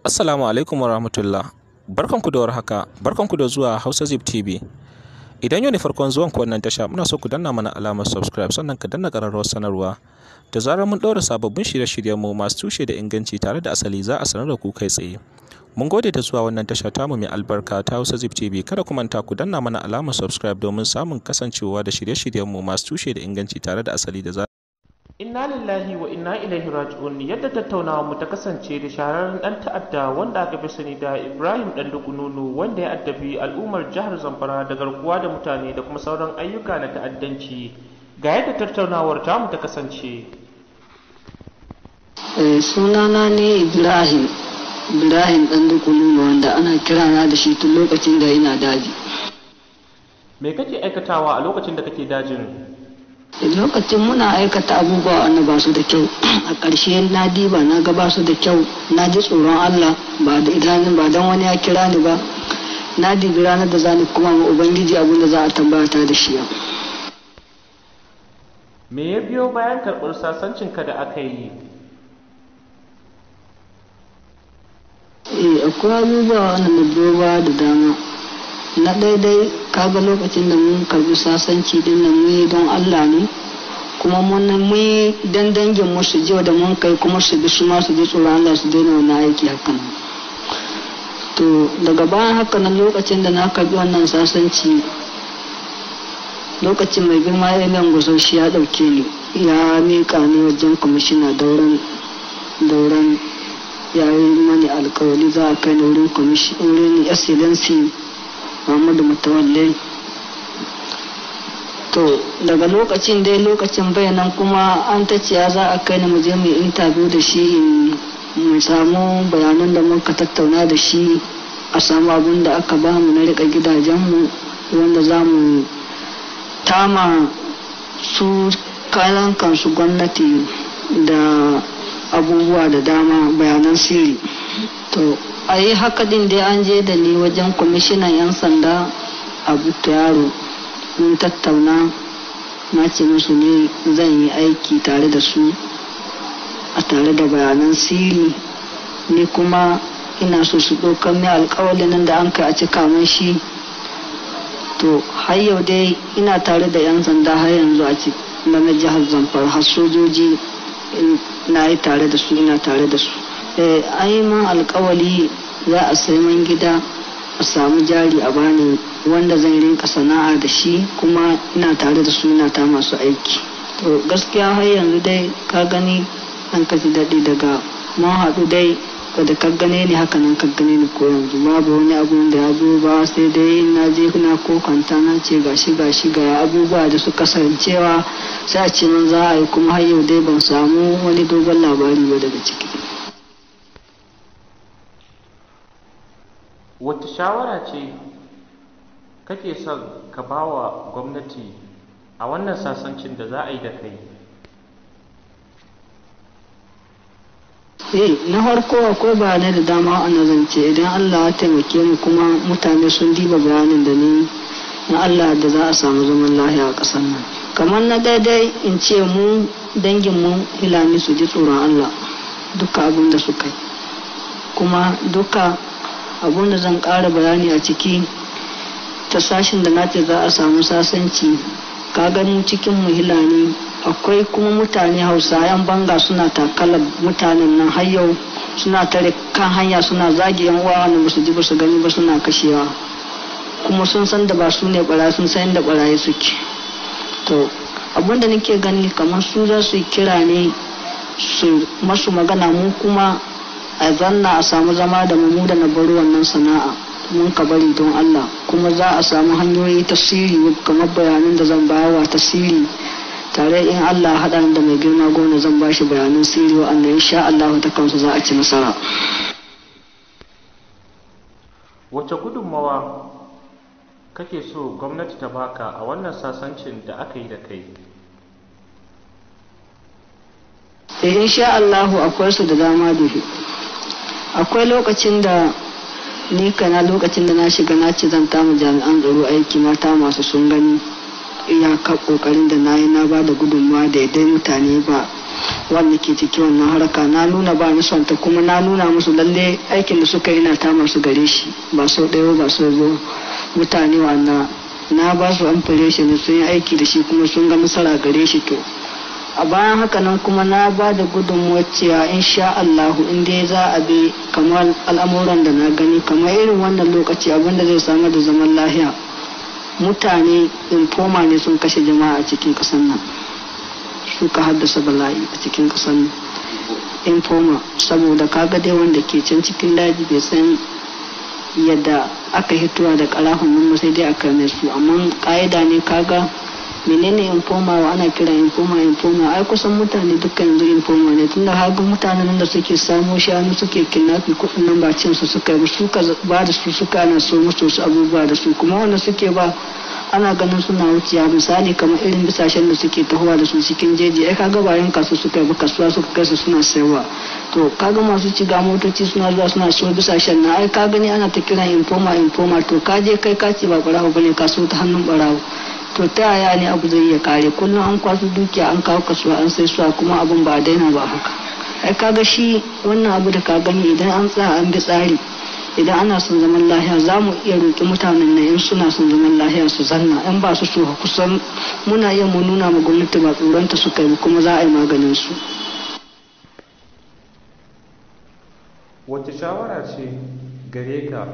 Assalamu alaikum wa rahmatullah. Barkanku da warhaka. Barkanku da zuwa Hausa Zip TV. Idan yau ne farkon zuwan ku wannan tasha, muna so ku danna mana alamar subscribe sannan ka danna ƙararrawar sanarwa. Da zarar mun ɗaura sababbin shirye-shiryen mu masu tushe da inganci tare da asali za a sanar da ku kai tsaye. Mun gode da zuwa wannan tasha tamu mai albarka ta Hausa Zip TV. Kada ku manta ku danna mana alamar subscribe domin samun kasancewa da shirye-shiryen mu masu tushe da inganci tare da asali da za inna lillahi wa inna ilaihi raji'un yadda tattaunawa mu ta kasance da shahararren dan ta'adda wanda aka fi sani da Ibrahim dan Dukununu wanda ya addabi al'ummar jihar Zamfara da garkuwa da mutane da kuma sauran ayyuka na ta'addanci ga yadda tattaunawar ta mu ta kasance eh, sunana ne Ibrahim Ibrahim dan Dukununu wanda ana kirana da shi tun lokacin da ina daji me kake aikatawa a lokacin da kake dajin lokacin muna aikata abubuwa wanda ba su da kyau a ƙarshe na diba na ga ba su da kyau na ji tsoron allah ba da idanun ba don wani ya kira ni ba na dibi ranar da za ni kuma ma ubangiji abin da za a tambata da shi me ya biyo bayan karɓar sasancinka da aka yi eh akwai abubuwa wanda na biyo ba da dama na daidai kaga lokacin da mun karbi sasanci din nan mun yi don Allah ne kuma mun yi dan dangin mu su ji da mun kai kuma su bi su ma su ji tsoron Allah su daina wani aiki hakan to daga bayan haka nan lokacin da na karbi wannan sasanci lokacin mai girma ya nan shi ya dauke ni ya mika ni wajen kwamishina dauran dauran yayin mani alkawali za a kai ni wurin kwamishin wurin excellency muhammadu mutawalli to daga lokacin dai lokacin bayanan kuma an ta ciya za a kai ni mu je mu interview da shi mu samu bayanan da muka tattauna da shi a samu abin da aka ba mu na rika mu wanda za mu tama su kayan kansu gwamnati da abubuwa da dama bayanan sirri to a yi haka din dai an je da ni wajen kwamishinan 'yan sanda a yaro mun tattauna na ce musu ne zan yi aiki tare da su a tare da bayanan siri ni kuma ina so su ɗaukar mai alkawalin nan da an kai a cika mun shi to har yau dai ina tare da 'yan sanda har yanzu a na jihar zamfara har sojoji na yi tare da su ina tare da su ce eh, ai ma alkawali za a sai man gida a samu jari a bani wanda zan rinka sana'a da shi kuma ina tare da suna ta masu aiki to gaskiya har yanzu dai ka gani an ka ji daɗi daga ma haɗu dai da ka gane ni haka nan ka gane ni ko yanzu babu wani abun da ya zo ba sai dai na je na kwanta na ce gashi gashi ga abubuwa da suka kasancewa sai a ce nan za a yi kuma har yau dai ban samu wani dogon labari ba daga ciki wata shawara ce kake son ka ba wa gwamnati a wannan sasancin da za a yi da kai eh na farko akwai bayanai da dama a nazarce idan allah ya taimake mu kuma mutane sun diba bayanin da ni na allah da za a samu zaman lahiya a ƙasar nan kamar na daidai in ce mu dangin mu hilani su ji tsoron allah duka abin da suka yi kuma duka abun da zan ƙara bayani a ciki ta sashen da nace za a samu sasanci ka gani cikin muhila ne akwai kuma mutane hausayen banga suna takalar mutanen nan har yau suna tare kan hanya suna zagi yan uwa wanda basu ji basu gani ba suna kashewa kuma sun san da ba su ne bara sun san da barayi suke to abin da nake gani kamar su za su kira ne su masu magana mu kuma a zanna a samu zama da mu da na bar wannan sana'a mun ka bari don Allah kuma za a samu hanyoyi tasiri kamar bayanan da zan bawa tasiri tare in Allah haɗa da mai girma gona zan ba shi bayanan sirri wa'anda insha Allah ta kansu za a ci nasara. Wace gudunmawa kake so gwamnati ta baka a wannan sasancin da aka yi da kai? Eh insha Allah akwai su da dama da akwai lokacin da ni kana lokacin da na shiga na ci zan kama jami'an tsaro aiki mata masu sun gani iyaka kokarin da na yi na ba da gudunmawa da yadda mutane ba wanda ke ciki wannan harka na nuna ba ni sonta kuma na nuna musu lalle aikin da suka yi na ta masu gare shi ba sau ɗaya ba sau zo mutane wannan na ba su amfare shi sun yi aiki da shi kuma sun ga nasara gare shi to a bayan haka nan kuma na ba da gudunmuwar cewa insha Allah in dai za a bi kamar al'amuran da na gani kamar irin wannan lokaci abin da zai samar da zaman lahiya mutane informa ne sun kashe jama'a a cikin kasan nan suka haddasa bala'i a cikin kasan nan informa saboda kaga dai wanda ke can cikin daji bai san yadda aka hitowa da karafin mun sai dai aka mai su amma ka'ida ne kaga menene informa wa ana kira informa informa ai kusan mutane dukkan yanzu informa ne tunda har mutanen da suke samo shanu suke kinnafi ko nan ba cin su suka yi ka ba da su suka na so musu su abubuwa da su kuma wanda suke ba ana ganin suna wuciya misali kamar irin bisashen da suke tahowa da su cikin jeji ai kaga bayan kasu suka bi kasuwa suka kai su suna sayarwa to kaga masu ga motoci suna zuwa suna so bisashen na ai ka gani ana ta kiran informa informa to kaje je kai ka ce ba barawo bane ka so ta hannun barawo to ta yaya ne abu zai iya kare kullum an kwaso dukiya an kawo kasuwa an sai suwa kuma abun ba daina ba haka ai kaga shi wannan abu da ka gani idan an tsaya an bi tsari idan ana son zaman lahiya za mu iya roƙi mutanen na in suna son zaman lahiya su zanna in ba su so kusan muna iya mu nuna ma gwamnati ba tsoronta su kai kuma za a yi maganin su wace shawara ce gare ka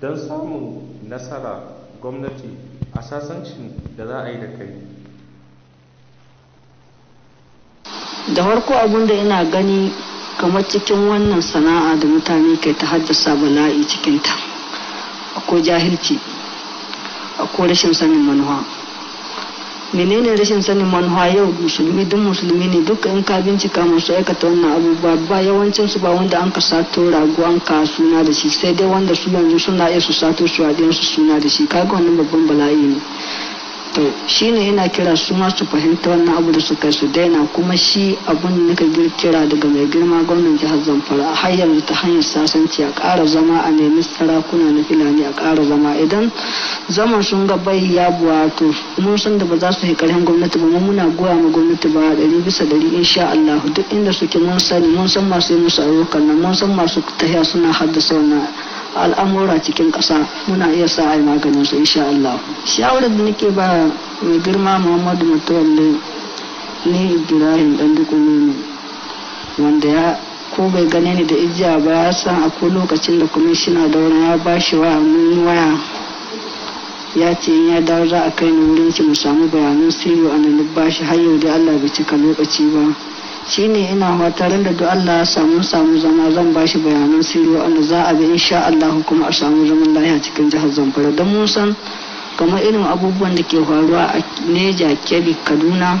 don samun nasara gwamnati a sasancin da za a yi da kai da farko abinda ina gani kamar cikin wannan sana'a da mutane ke ta haddasa bala'i cikinta akwai jahilci akwai rashin sanin manuwa menene rashin sanin manuwa yau musulmi duk musulmi ne duk in ka bincika masu aikata wannan abubuwa ba yawancin su ba wanda an ka sato raguwan ka suna da shi sai dai wanda su yanzu suna iya su sato su su suna da shi kaga wannan babban bala'i ne to shi ne yana kira su ma su fahimta wannan abu da suka su daina kuma shi abun nika kira daga mai girma gwamnan jihar zamfara a hanyar ta hanyar sasanci a ƙara zama a nemi sarakuna na filani a ƙara zama idan zaman sun ga bai ya buwa to mun san da ba za su yi ƙarfin gwamnati ba muna goya ma gwamnati ba ɗari bisa ɗari insha Allah duk inda suke mun sani mun san masu yi musu ayyukan nan mun san masu tahiya suna haddasa wannan al'amura cikin ƙasa muna iya sa a yi maganin su insha Allah shawarar da nake ba mai girma Muhammadu Mutawalle ne Ibrahim dan ne wanda ya ko bai gane ni da ijiya ba ya san a ko lokacin da kwamishina da wani ya ba shi waya mun waya ya ce in ya dawo za a kai ni wurin shi mu samu bayanan sirri a nan ba shi har yau dai Allah bai cika lokaci ba shine ina fatan da duk Allah ya samu samu zama zan bashi bayanan sirri wanda za a bi insha Allah kuma a samu zaman lafiya cikin jihar Zamfara don mun san kamar irin abubuwan da ke faruwa a Neja, Kebbi, Kaduna,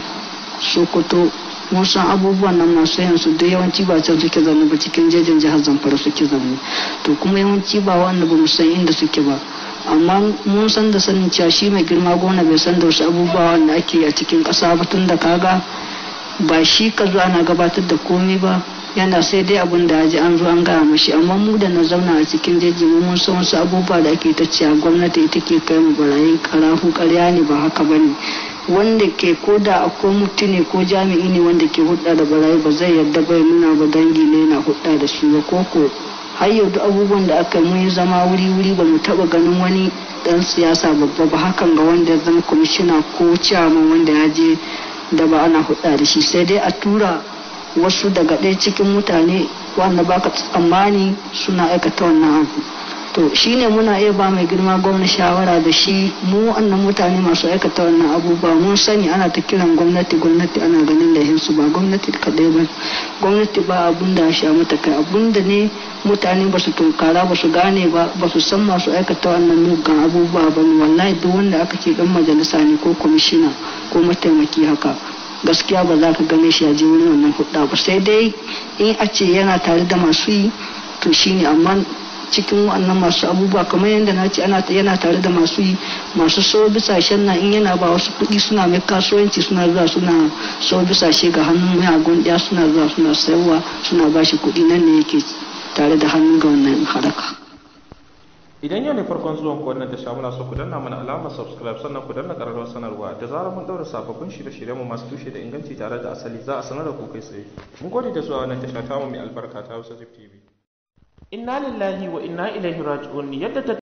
Sokoto mun san abubuwan nan masu yansu da yawanci ba can suke zaune ba cikin jejin jihar Zamfara suke zaune to kuma yawanci ba wanda ba mu san inda suke ba amma mun san da sanin cewa shi mai girma gona bai san da wasu abubuwa wanda ake yi a cikin kasa ba tun da kaga ba shi ka zo ana gabatar da komai ba yana sai dai abin da ji an zo an gaya mashi amma mu da na zauna a cikin jeji mu mun san wasu abubuwa da ake ta cewa gwamnati ita ke kai mu barayin karahu karya ne ba haka ba ne wanda ke ko da akwai mutu ne ko jami'i ne wanda ke hudda da barayi ba zai yarda bai nuna ba dangi ne yana hudda da shi ba ko ko har yau duk abubuwan da aka yi mun zama wuri wuri ba mu taba ganin wani dan siyasa babba ba hakan ga wanda ya zama kwamishina ko ciyaman wanda ya je da ba ana da shi sai dai a tura wasu daga ɗaya cikin mutane wanda baka tsammani suna aikata wannan abu to shi ne muna iya ba mai girma gwamna shawara da shi mu wannan mutane masu aikata wannan abubuwa mun sani ana ta kiran gwamnati gwamnati ana ganin da su ba gwamnati kadai ba gwamnati ba abun da sha mata kai abun da ne mutane ba su tunkara ba su gane ba ba su san masu aikata wannan mugan abubuwa ba ne wallahi duk wanda aka ce dan majalisa ne ko kwamishina ko mataimaki haka gaskiya ba za ka game shi a je wurin wannan hudu ba sai dai in a ce yana tare da masu yi to shine amma cikin wannan masu abubuwa kamar yadda na ce ana yana tare da masu yi masu sau bisashen na in yana ba wasu kuɗi suna mai kasuwanci suna zuwa suna sau bisashe ga hannun mayagun ɗaya suna zuwa suna sayarwa suna ba shi kuɗi nan ne yake tare da hannun ga wannan haraka. idan yau ne farkon zuwan ku wannan tasha muna so ku danna mana alamar subscribe sannan ku danna ƙararrawar sanarwa da zarar mun daura sababbin shirye-shirye mu masu tushe da inganci tare da asali za a sanar da ku kai tsaye mun gode da zuwa wannan tasha tamu mai albarka ta Hausa TV inna lillahi wa inna ilaihi raji'un yadda ta